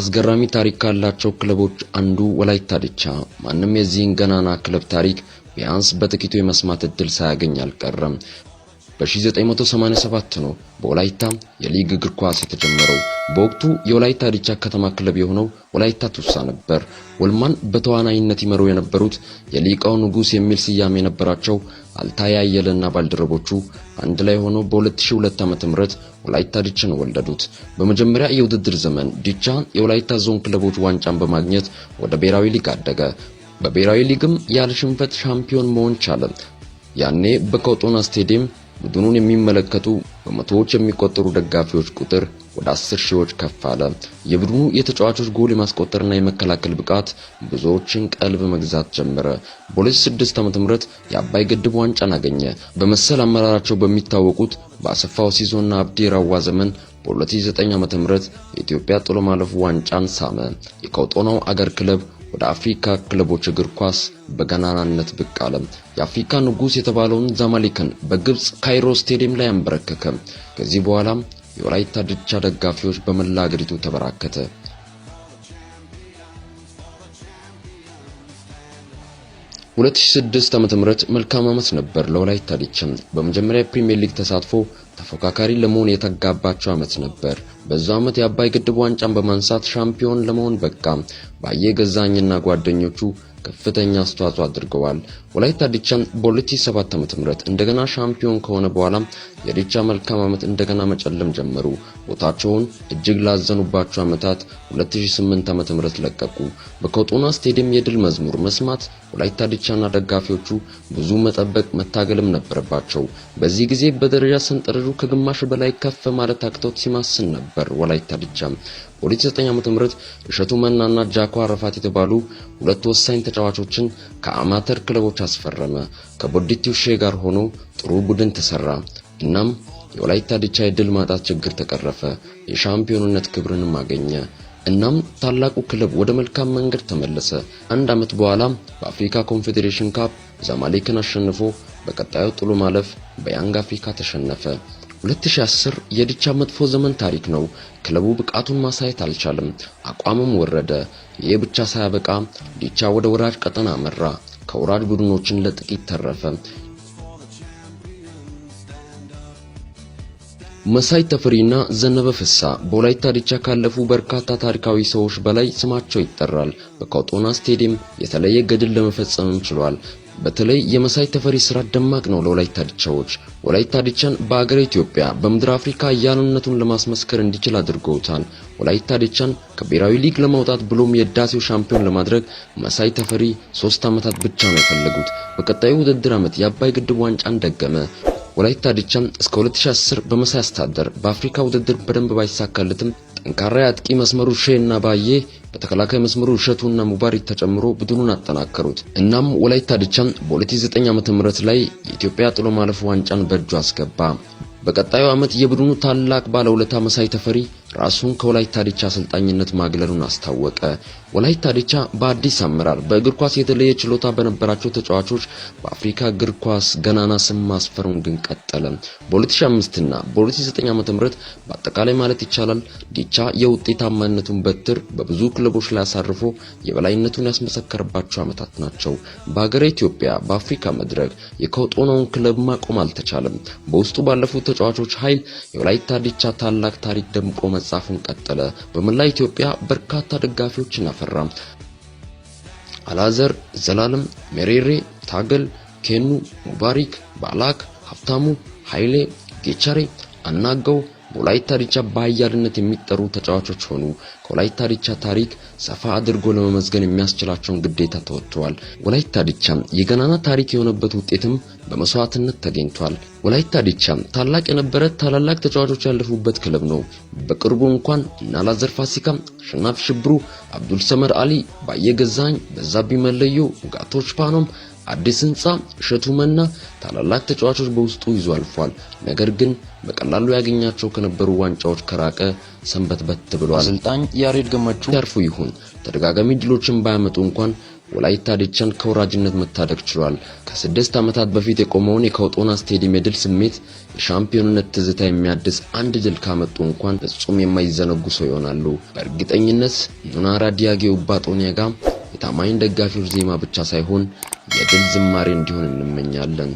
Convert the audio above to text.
አስገራሚ ታሪክ ካላቸው ክለቦች አንዱ ወላይታ ዲቻ ማንም የዚህን ገናና ክለብ ታሪክ ቢያንስ በጥቂቱ የመስማት እድል ሳያገኝ አልቀረም። በ1987 ነው በወላይታ የሊግ እግር ኳስ የተጀመረው። በወቅቱ የወላይታ ዲቻ ከተማ ክለብ የሆነው ወላይታ ቱሳ ነበር። ወልማን በተዋናይነት ይመሩ የነበሩት የሊቃው ንጉሥ የሚል ስያሜ የነበራቸው አልታያ አየለና ባልደረቦቹ አንድ ላይ ሆነው በ2002 ዓ.ም ወላይታ ዲቻን ወለዱት። በመጀመሪያ የውድድር ዘመን ዲቻ የወላይታ ዞን ክለቦች ዋንጫን በማግኘት ወደ ብሔራዊ ሊግ አደገ። በብሔራዊ ሊግም ያለ ሽንፈት ሻምፒዮን መሆን ቻለ። ያኔ በኮቶና ስቴዲየም ቡድኑን የሚመለከቱ በመቶዎች የሚቆጠሩ ደጋፊዎች ቁጥር ወደ አስር ሺዎች ከፍ አለ። የቡድኑ የተጫዋቾች ጎል የማስቆጠርና የመከላከል ብቃት ብዙዎችን ቀልብ መግዛት ጀመረ። በ2006 ዓ.ም የአባይ ግድብ ዋንጫን አገኘ። በመሰል አመራራቸው በሚታወቁት በአሰፋው ሲዞና አብዲ ራዋ ዘመን በ2009 ዓ.ም የኢትዮጵያ ጥሎ ማለፍ ዋንጫን ሳመ። የኮቶኖው አገር ክለብ ወደ አፍሪካ ክለቦች እግር ኳስ በገናናነት ብቅ አለ። የአፍሪካ ንጉስ የተባለውን ዛማሊክን በግብፅ ካይሮ ስቴዲየም ላይ አንበረከከ። ከዚህ በኋላም የወላይታ ድቻ ደጋፊዎች በመላ አገሪቱ ተበራከተ። ሁለት ሺ ስድስት ዓመተ ምህረት መልካም ዓመት ነበር ለወላይታ ዲቻ። በመጀመሪያ ፕሪሚየር ሊግ ተሳትፎ ተፎካካሪ ለመሆን የተጋባቸው ዓመት ነበር። በዛው ዓመት የአባይ ግድብ ዋንጫን በማንሳት ሻምፒዮን ለመሆን በቃ። ባየገዛኝና ጓደኞቹ ከፍተኛ አስተዋጽኦ አድርገዋል። ወላይታ ዲቻም በ2007 ዓ.ም እንደገና ሻምፒዮን ከሆነ በኋላም የዲቻ መልካም ዓመት እንደገና መጨለም ጀመሩ። ቦታቸውን እጅግ ላዘኑባቸው ዓመታት 2008 ዓ.ም ለቀቁ። በኮጦና ስቴዲየም የድል መዝሙር መስማት ወላይታ ዲቻና ደጋፊዎቹ ብዙ መጠበቅ መታገልም ነበረባቸው። በዚህ ጊዜ በደረጃ ሰንጠረዡ ከግማሽ በላይ ከፍ ማለት አቅቶት ሲማስን ነበር። ወላይታ ዲቻም ወደ 9 ዓመተ እሸቱ መናና ጃኮ ረፋት የተባሉ ሁለት ወሳኝ ተጫዋቾችን ከአማተር ክለቦች አስፈረመ። ከቦዲቲው ሼ ጋር ሆኖ ጥሩ ቡድን ተሰራ። እናም የወላይታ ድቻ የድል ማጣት ችግር ተቀረፈ፣ የሻምፒዮንነት ክብርንም አገኘ። እናም ታላቁ ክለብ ወደ መልካም መንገድ ተመለሰ። አንድ ዓመት በኋላ በአፍሪካ ኮንፌዴሬሽን ካፕ ዛማሌክን አሸንፎ በቀጣዩ ጥሎ ማለፍ በያንግ አፍሪካ ተሸነፈ። 2010 የድቻ መጥፎ ዘመን ታሪክ ነው። ክለቡ ብቃቱን ማሳየት አልቻለም፣ አቋምም ወረደ። ይህ ብቻ ሳያበቃ ዲቻ ወደ ወራጅ ቀጠና አመራ። ከወራጅ ቡድኖችን ለጥቂት ተረፈ። መሳይ ተፈሪና ዘነበ ፍሳ በወላይታ ዲቻ ካለፉ በርካታ ታሪካዊ ሰዎች በላይ ስማቸው ይጠራል። በኮቶና ስቴዲየም የተለየ ገድል ለመፈጸምም ችሏል። በተለይ የመሳይ ተፈሪ ስራ ደማቅ ነው ለወላይታ ድቻዎች። ወላይታ ድቻን በአገረ ኢትዮጵያ በምድር አፍሪካ ያንነቱን ለማስመስከር እንዲችል አድርገውታል። ወላይታ ድቻን ከብሔራዊ ሊግ ለማውጣት ብሎም የዳሴው ሻምፒዮን ለማድረግ መሳይ ተፈሪ ሶስት ዓመታት ብቻ ነው የፈለጉት። በቀጣዩ ውድድር ዓመት የአባይ ግድብ ዋንጫን ደገመ። ወላይታ ድቻን እስከ 2010 በመሳይ አስተዳደር በአፍሪካ ውድድር በደንብ ባይሳካለትም ጠንካራ የአጥቂ መስመሩ ሼና ባዬ በተከላካይ መስመሩ እሸቱና ሙባሪክ ተጨምሮ ቡድኑን አጠናከሩት። እናም ወላይታ ድቻም በሁለት ሺህ ዘጠኝ ዓመተ ላይ የኢትዮጵያ ጥሎ ማለፍ ዋንጫን በእጁ አስገባ። በቀጣዩ ዓመት የቡድኑ ታላቅ ባለውለታ መሳይ ተፈሪ ራሱን ከወላይታ ዲቻ አሰልጣኝነት ማግለሉን አስታወቀ። ወላይታ ዲቻ በአዲስ አመራር በእግር ኳስ የተለየ ችሎታ በነበራቸው ተጫዋቾች በአፍሪካ እግር ኳስ ገናና ስም ማስፈሩን ግን ቀጠለ። በ2005 እና በ2009 ዓ.ም በአጠቃላይ ማለት ይቻላል ዲቻ የውጤታማነቱን በትር በብዙ ክለቦች ላይ አሳርፎ የበላይነቱን ያስመሰከረባቸው ዓመታት ናቸው። በሀገረ ኢትዮጵያ በአፍሪካ መድረክ የከውጦናውን ክለብ ማቆም አልተቻለም። በውስጡ ባለፉት ተጫዋቾች ኃይል የወላይታ ዲቻ ታላቅ ታሪክ ደምቆ መጻፉን ቀጠለ። በመላ ኢትዮጵያ በርካታ ደጋፊዎችን አፈራ። አላዘር ዘላለም፣ ሜሬሬ፣ ታገል፣ ኬኑ፣ ሙባሪክ፣ ባላክ፣ ሀብታሙ ኃይሌ፣ ጌቻሬ፣ አናጋው በወላይታ ዲቻ በአያልነት የሚጠሩ ተጫዋቾች ሆኑ ከወላይታ ዲቻ ታሪክ ሰፋ አድርጎ ለመመዝገን የሚያስችላቸውን ግዴታ ተወጥተዋል። ወላይታ ዲቻ የገናና ታሪክ የሆነበት ውጤትም በመስዋዕትነት ተገኝቷል። ወላይታ ዲቻ ታላቅ የነበረ ታላላቅ ተጫዋቾች ያለፉበት ክለብ ነው። በቅርቡ እንኳን ናላዘር ፋሲካ፣ አሸናፊ ሽብሩ፣ አብዱል ሰመድ አሊ፣ ባየገዛኝ፣ በዛቢ መለዮ፣ ጋቶች ፓኖም አዲስ ህንፃ ሸቱመና ታላላቅ ተጫዋቾች በውስጡ ይዞ አልፏል። ነገር ግን በቀላሉ ያገኛቸው ከነበሩ ዋንጫዎች ከራቀ ሰንበትበት ብሏል። አሰልጣኝ ያሬድ ገመቹ ያርፉ ይሁን ተደጋጋሚ ድሎችን ባያመጡ እንኳን ወላይታ ዲቻን ከወራጅነት መታደግ ችሏል። ከስድስት ዓመታት በፊት የቆመውን የካውጦና ስቴዲየም የድል ስሜት የሻምፒዮንነት ትዝታ የሚያድስ አንድ ድል ካመጡ እንኳን ፍጹም የማይዘነጉ ሰው ይሆናሉ። በእርግጠኝነት ኑናራ ዲያጌ ኡባ ጦኒያ የታማኝ ደጋፊዎች ዜማ ብቻ ሳይሆን የድል ዝማሬ እንዲሆን እንመኛለን።